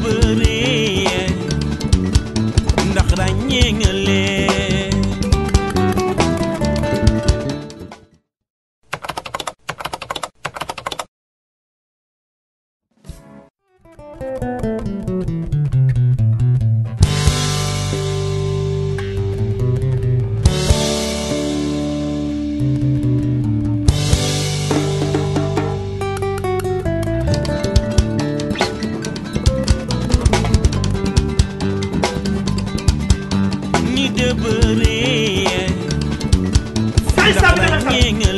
bëree ndax ràññee nga leen beree. Salsa, salsa.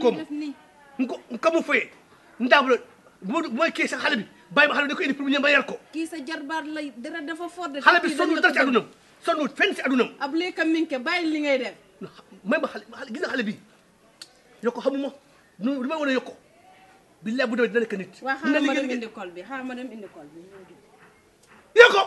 comme comme fooyee ndaam la bu mooy kii sax xale bi bàyyi ma xale bi da ko indi pour mu ñëw ma yar ko. kii sa jarbaat lay dara dafa fort de. xale bi sonnul dara ci adunam sonnul fenn ci adunam. ab léegi minke bàyyi li ngay de may ma xale gis nga xale bi yokko xamuma nu li may wane yokko billaay bu demee dina nekk nit. dina liggéey waaw xaaral ma dem indi ma dem indi kol bi yokko.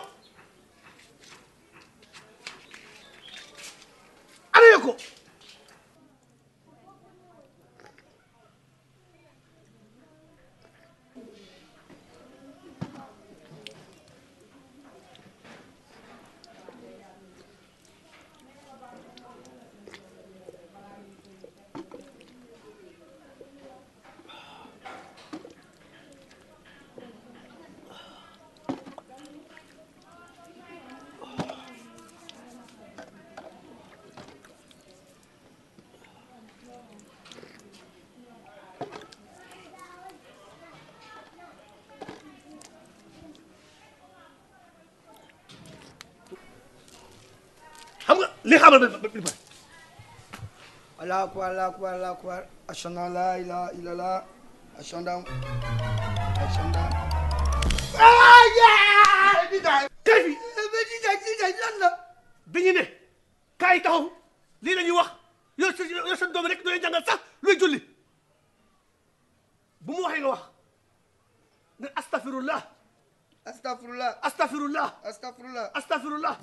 li xamal ba ba ba. allahu akbar allahu akbar allahu akbar ashhadu an la ilaha illallah ashhadu ashhadu aya kay fi eh, lan la dañu ne kaay taxaw lii la ñuy wax yow sa yow sa doom rek dooy jàngal sax luy julli bu mu waxee nga wax ne astafirullah astafirullah astafirullah astafirullah astafirullah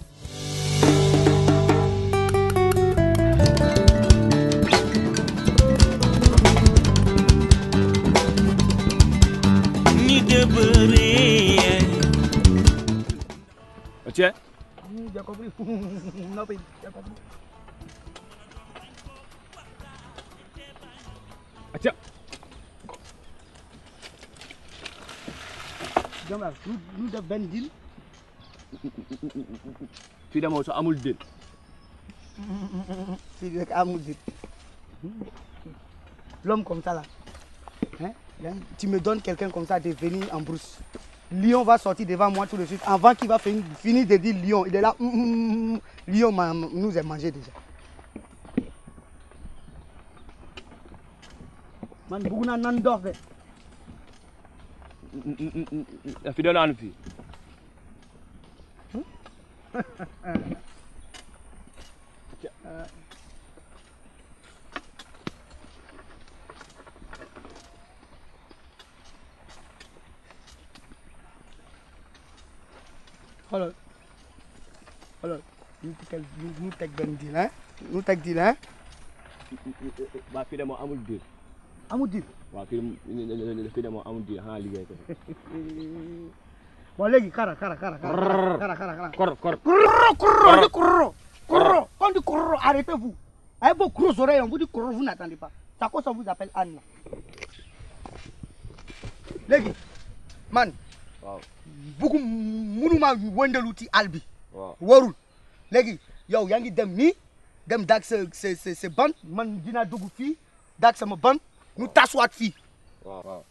tiens. J'ai compris. non, mais j'ai compris. Tiens! tiens. L'homme comme ça là. Hein? Tu me donnes quelqu'un comme ça de venir en brousse. Lyon va sortir devant moi tout de suite. Avant qu'il va finir, de dire Lyon, il est là. Mm, mm, mm, lion nous a mangé déjà. man xoolal xoolal ñu tegal ñu teg benn di ah ñu teg diil ah. waa fii de moom amul diil. amul diil. waaw fii fii de moom amul diil xanaa liggéey ko. bon léegi kara kara kara kara kara kara kor kor kor kor kor kor kurro quand kor kurro arrêtez vous avec vos grosses oreilles on vous dit kor vous n'attendez pas ça cause on vous appelle Anna léegi man waaw buggu munumaa wëndalu ci àll bi. warul léegi yow yaa ngi dem nii dem daag sa sa sa ban man dinaa dugg fi daag sama ban ñu taswaat fii. waaw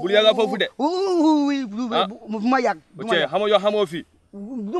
bul yàgg foofu de. oui bu ma yàgg. du ma yàgg xam